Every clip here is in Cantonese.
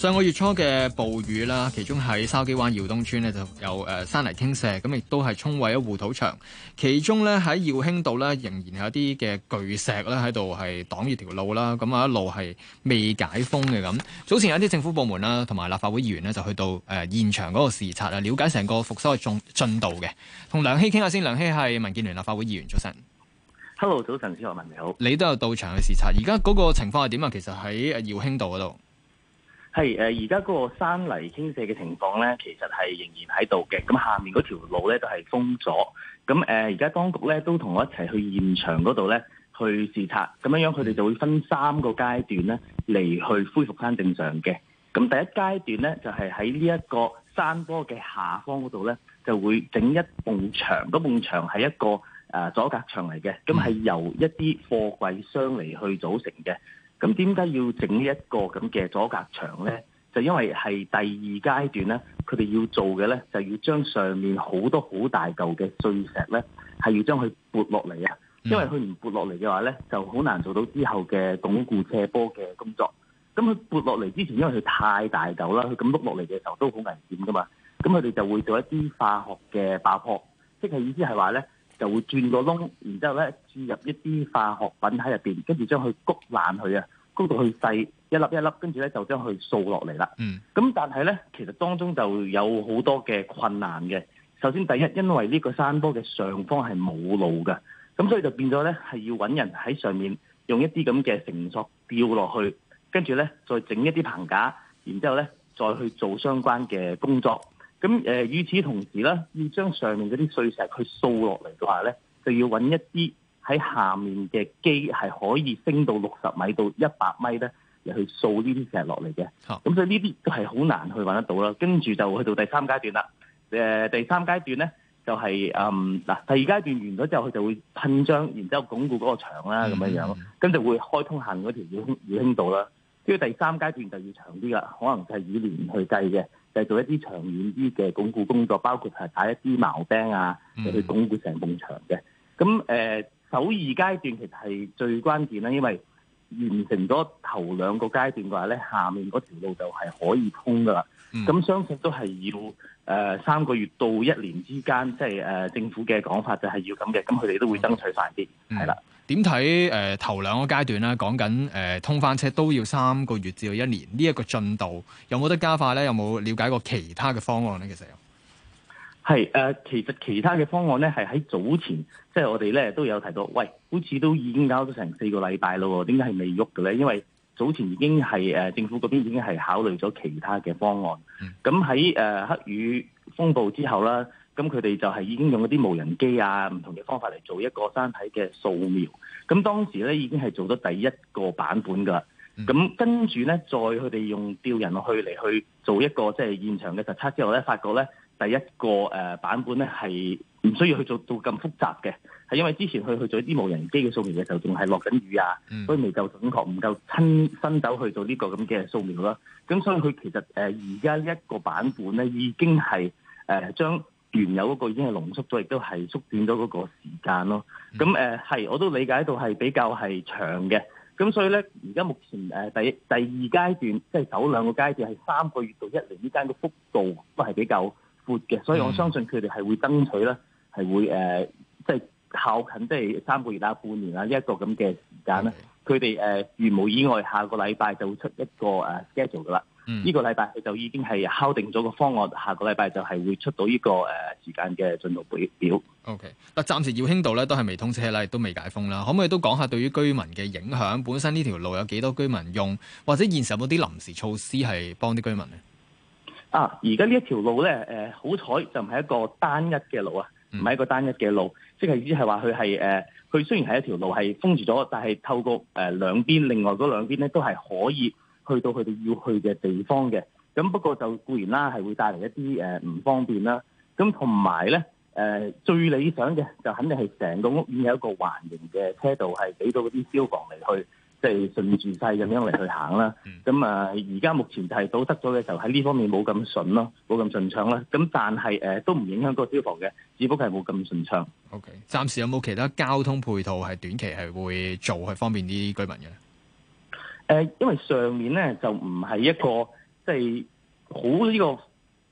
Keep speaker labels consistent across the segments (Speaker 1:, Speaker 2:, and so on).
Speaker 1: 上個月初嘅暴雨啦，其中喺筲箕灣耀東邨呢就有誒山泥傾瀉，咁亦都係沖毀咗護土牆。其中呢喺耀興道呢，仍然有一啲嘅巨石咧喺度係擋住條路啦，咁啊一路係未解封嘅咁。早前有啲政府部門啦同埋立法會議員呢，就去到誒現場嗰個視察啊，了解成個復修嘅進進度嘅。同梁熙傾下先，梁熙係民建聯立法會議員，早晨。Hello，早晨，小學文你好。你都有到場去視察，而家嗰個情況係點啊？其實喺耀興道嗰度。係誒，而家嗰個
Speaker 2: 山泥傾瀉嘅情況咧，其實係仍然喺度嘅。咁下面嗰條路咧都係封咗。咁誒，而家當局咧都同我一齊去現場嗰度咧去視察。咁樣樣佢哋就會分三個階段咧嚟去恢復翻正常嘅。咁第一階段咧就係喺呢一個山坡嘅下方嗰度咧，就會整一埲牆。嗰埲牆係一個誒阻隔牆嚟嘅，咁係由一啲貨櫃箱嚟去組成嘅。咁點解要整呢一個咁嘅阻隔牆呢？就因為係第二階段呢，佢哋要做嘅呢，就要將上面好多好大嚿嘅碎石呢，係要將佢撥落嚟啊！因為佢唔撥落嚟嘅話呢，就好難做到之後嘅鞏固斜坡嘅工作。咁佢撥落嚟之前，因為佢太大嚿啦，佢咁碌落嚟嘅時候都好危險噶嘛。咁佢哋就會做一啲化學嘅爆破，即係意思係話呢，就會轉個窿，然之後咧注入一啲化學品喺入邊，跟住將佢谷爛佢啊，穀到去細一粒一粒，跟住咧就將佢掃落嚟啦。嗯，咁但係咧，其實當中就有好多嘅困難嘅。首先第一，因為呢個山坡嘅上方係冇路嘅，咁所以就變咗咧係要搵人喺上面用一啲咁嘅繩索吊落去，跟住咧再整一啲棚架，然之後咧再去做相關嘅工作。咁誒、呃，與此同時咧，要將上面嗰啲碎石去掃落嚟嘅話咧，就要揾一啲喺下面嘅機係可以升到六十米到一百米咧，去掃呢啲石落嚟嘅。咁、啊、所以呢啲都係好難去揾得到啦。跟住就去到第三階段啦、呃。第三階段咧就係、是、嗯嗱，第二階段完咗之後，佢就會噴漿，然之後鞏固嗰個牆啦，咁樣樣，跟住會開通行嗰條耀耀興道啦。即係第三階段就要長啲啦，可能就係以年去計嘅，就係、做一啲長遠啲嘅鞏固工作，包括係打一啲錨釘啊，就去鞏固成棟牆嘅。咁誒、呃，首二階段其實係最關鍵啦，因為完成咗頭兩個階段嘅話咧，下面嗰條路就係可以通㗎啦。咁、嗯、相信都係要誒、呃、三個月到一年之間，即係誒、呃、政府嘅講法就係要咁嘅，咁佢哋都會爭取快啲，係、嗯、
Speaker 1: 啦。點睇誒頭兩個階段咧？講緊誒通翻車都要三個月至到一年，呢一個進度有冇得加快咧？有冇瞭解過其他嘅方案咧？其實
Speaker 2: 係誒，其實其他嘅方案咧，係喺早前，即係我哋咧都有提到，喂，好似都已經搞咗成四個禮拜嘞，點解係未喐嘅咧？因為早前已經係誒政府嗰邊已經係考慮咗其他嘅方案，咁喺誒黑雨風暴之後啦。咁佢哋就係已經用一啲無人機啊，唔同嘅方法嚟做一個山體嘅掃描。咁當時咧已經係做咗第一個版本噶。咁、嗯、跟住咧，再佢哋用吊人去嚟去做一個即係現場嘅實測之後咧，發覺咧第一個誒、呃、版本咧係唔需要去做到咁複雜嘅，係因為之前佢去做啲無人機嘅掃描嘅時候仲係落緊雨啊，嗯、所以未夠準確，唔夠親身手去做呢個咁嘅掃描啦。咁所以佢其實誒而家一個版本咧已經係誒將。呃原有嗰個已經係濃縮咗，亦都係縮短咗嗰個時間咯。咁誒係，我都理解到係比較係長嘅。咁所以咧，而家目前誒第、呃、第二階段即係走兩個階段係三個月到一年之間嘅幅度都係比較闊嘅。所以我相信佢哋係會爭取啦，係會誒、呃、即係靠近即係三個月啊、半年啊一個咁嘅時間咧。佢哋誒如無意外，下個禮拜就會出一個誒、啊、schedule 噶啦。呢、嗯，這個禮拜佢就已經係敲定咗個方案，下個禮拜就係會出到呢、這個誒、呃、時間嘅進度表。
Speaker 1: O K，嗱，暫時耀興道咧都係未通車啦，亦都未解封啦。可唔可以都講下對於居民嘅影響？本身呢條路有幾多居民用？或者現時有冇啲臨時措施係幫啲居民咧？啊，
Speaker 2: 而家呢一條路咧，誒、呃，好彩就唔係一個單一嘅路啊，唔係一個單一嘅路，即、嗯、係意思係話佢係誒，佢、呃、雖然係一條路係封住咗，但係透過誒、呃、兩邊，另外嗰兩邊咧都係可以。去到佢哋要去嘅地方嘅，咁不過就固然啦、啊，係會帶嚟一啲誒唔方便啦。咁同埋咧，誒、呃、最理想嘅就是肯定係成個屋苑有一個環形嘅車道，係俾到嗰啲消防嚟去，即、就、係、是、順住勢咁樣嚟去行啦。咁、嗯、啊，而家目前就係堵塞咗嘅時候，喺呢方面冇咁順咯，冇咁順暢啦。咁但係誒、呃、都唔影響嗰個消防嘅，只
Speaker 1: 不過係冇咁順暢。O、okay. K，暫時有冇其他交通配套係短期係會做去方便啲居民嘅？
Speaker 2: 誒，因為上面咧就唔係一個即係好呢個，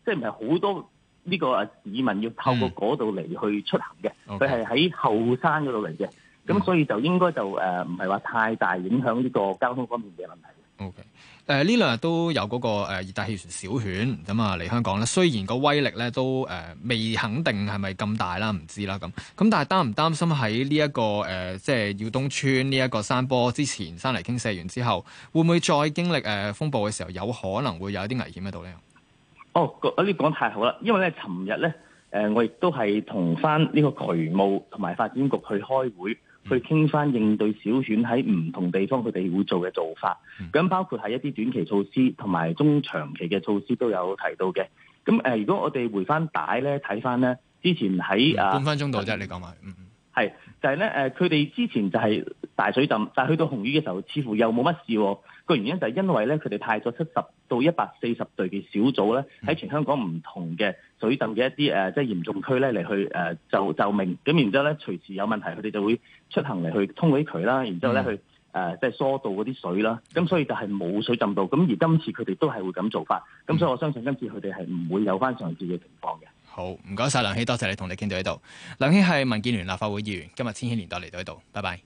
Speaker 2: 即係唔係好多呢個啊市民要透過嗰度嚟去出行嘅，佢係喺後山嗰度嚟嘅，咁所以就應該就誒唔係話太大影響呢個交通方面嘅問題。
Speaker 1: O K. 誒呢兩日都有嗰個誒熱帶氣旋小犬，咁啊嚟香港咧，雖然個威力咧都誒未肯定係咪咁大啦，唔知啦咁。咁但係擔唔擔心喺呢一個誒即係耀東村呢一個山坡之前山泥傾瀉完之後，會唔會再經歷誒、呃、風暴嘅時候，有可能會有一啲危險喺度咧？
Speaker 2: 哦，呢講太好啦，因為咧，尋日咧誒，我亦都係同翻呢個渠務同埋發展局去開會。去傾翻應對小犬喺唔同地方佢哋會做嘅做法，咁包括係一啲短期措施同埋中長期嘅措施都有提到嘅。咁誒、呃，如果我哋回翻帶咧，睇翻咧，之前喺、嗯、啊半分鐘度即係、啊，你講埋，嗯，係就係咧誒，佢、呃、哋之前就係、是。大水浸，但係去到紅雨嘅時候，似乎又冇乜事，哦。個原因就係因為咧，佢哋派咗七十到一百四十隊嘅小組咧，喺全香港唔同嘅水浸嘅一啲誒，即係嚴重區咧嚟去誒就就命。咁然之後咧，隨時有問題，佢哋就會出行嚟去通嗰渠啦，然之後咧去誒即係疏導嗰啲水啦。咁所以就係冇水浸到。咁而今次佢哋都係會咁做
Speaker 1: 法。咁所以我相信今次佢哋係唔會有翻上次嘅情況嘅。好，唔該晒梁熙，多謝你同你哋傾到呢度。梁熙係民建聯立法會議員，今日千禧年代嚟到呢度，拜拜。